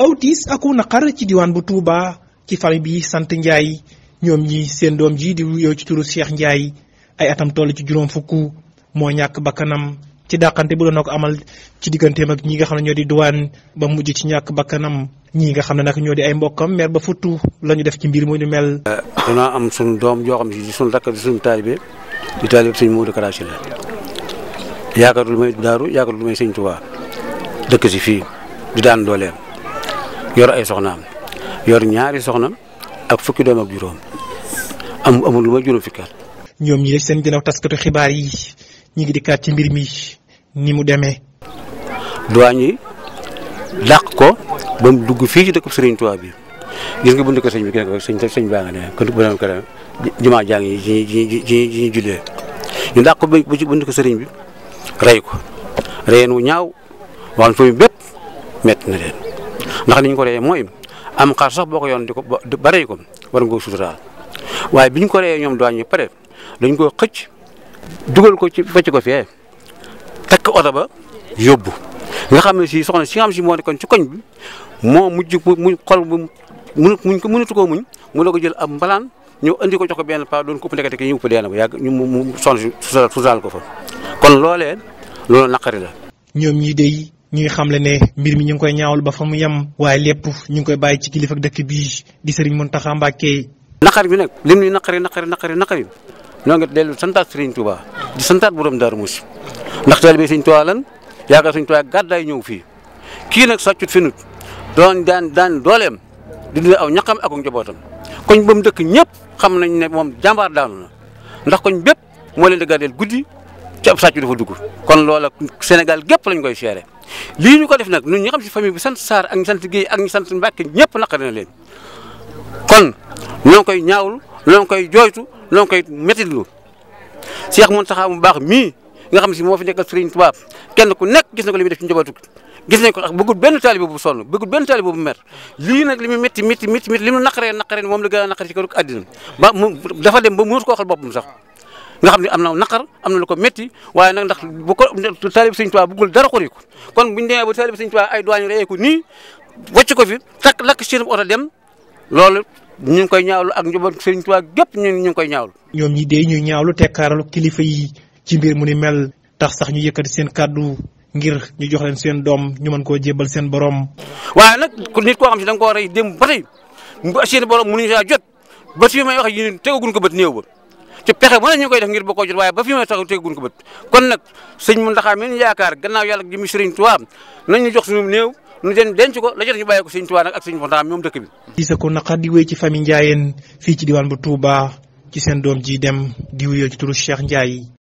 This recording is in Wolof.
aw tiis aku naqar ci diwaan bu Touba ci famille bi sant Ndiaye ñoom ñi seen doom ji di wuyoo ci turu Cheikh Ndiaye ay atam toll ci juróom fukk moo ñàkk bakkanam ci dàqante bu doon na ko amal ci digganteem ak ñi nga xam ne ñoo di duwaan ba mujj ci ñàkk bakkanam ñi nga xam ne nag ñoo di ay mbokkam meer ba futtu la ñu def ci mbir mu ni mel. Eh, danaa am suñu doom yoo xam ne di suñu rakk di suñu taalibe di taalibe suñu Modou Kara Sylla yaakaarul may daaru yaakaarul may dëkk si fii di daan dooleem. yor ay soxnaam yor ñaari soxna ak fukki doom ak juróom am amul lu ma juróom fukki at ñoom ñi def seen ginnaaw taskatu xibaar yi ñu ngi dikkaat ci mbir mi ni mu demee. duwaañ yi dàq ko ba mu dugg fii ci dëkk sëriñ Touba bi gis nga buñu ko sëñ bi gis nga sëñ sëñ baa nga ne kon jumaa jàng yi ji ji ji jullee ñu dàq ko ba ci buñu ko sëriñ bi rey ko reyeen wu ñaaw wax na fa mu bépp na leen. ndax niñ ko reyee mooy am xar sax boo ko yoon di ko ba rey ko war nga ko suturaal waaye biñ ko reyee ñoom daañu pare dañ koo xëcc dugal ko ci bëcc ko fee takk oto ba yóbbu nga xam ne si soxna si nga xam si moo nekkoon ci koñ bi moo mujj mu xol bu mu muñ ko mënatu koo muñ mu la ko jël ab mbalaan ñëw andi ko jox ko benn paa doon ko ëpp ndekete ki ñu ëpp dee na ba yàgg ñu mu soxna si suturaal ko fa kon loolee loolu naqari la. ñoom ñi dey ñu xam xamle ne mbir mi ñu ngi koy ñaawal ba fa mu yem waaye lépp ñu ngi koy bàyyi ci kilifa dëkk bii di Serigne Mountakha Mbacké. naqar bi nag lim ñu naqari naqari naqari naqari ñoo ngi dellu santaat Serigne Touba di santaat borom Darou Mouhty ndax taalibe Serigne Touba lan yaakaar Serigne Touba gàddaay ñëw fii kii nag sàccut fi nut daan daan dooleem di dund aw ñaqam ak njabootam koñ ba mu dëkk ñëpp xam nañ ne moom jàmbaar daanu na ndax koñ bépp moo leen di gardeel guddi ci ab sàcc dafa dugg kon loola Sénégal gépp lañ koy seere lii ñu ko def nag nu ñi xam si famille bi sant saar ak ñu sant Guèye ak ñu sant Mbacke na leen kon ñoo ngi koy ñaawlu ñoo ngi koy jooytu ñoo ngi koy métitlu Cheikh Mountakha mu baax mii nga xam si moo fi nekkal Serigne Touba kenn ku nekk gis na ko li muy def ci njabootu gis nañ ko ak bëggul benn taalibe bu sonn bëggul benn taalibe bu mer lii nag li muy métti métti métti métti li mu naqaree naqaree moom la gën a naqaree ci kër àddina ba mu dafa dem ba mënut ko xal boppam sax nga xam ne am na naqar am na lu ko métti waaye nag ndax bu ko taalib Sëñ Tuubaa bëggul dara xori kon buñu demee ba taalib Sëñ ay douane reyee ko nii wàcc ko fi lakk lakk seen oto dem loolu ñu ngi koy ñaawlu ak njaboot Sëñ Tuubaa gépp ñu ñu ngi koy ñaawlu. ñoom ñi dee ñuy ñaawlu te kaaralu kilifa yi ci mbir mu ni mel tax sax ñu yëkkati seen kàddu ngir ñu jox leen seen doom ñu mën koo jébbal seen borom. waaye nag nit koo xam si da ko koo rey démb ba tey mu borom mënuñu saa jot ba fi may wax yi gun ko bët néew ba ci pexe mën ñu koy def ngir bokkoo jot waaye ba fi ma taxaw teguñ ko bët kon nag sëñ Mountakha mi ñu yaakaar gannaaw yàlla jëmi Sëriñ Tuubaa nañ ñu jox suñu néew ñu den denc ko la jot ñu bàyyi ko Sëriñ Tuubaa nag ak sëñ Mountakha moom dëkk bi di ko naqar di wéy ci famille Ndiayeen fii ci diwaan bu Touba ci seen doom ji dem di wuyoo ci turu Cheikh Ndiaye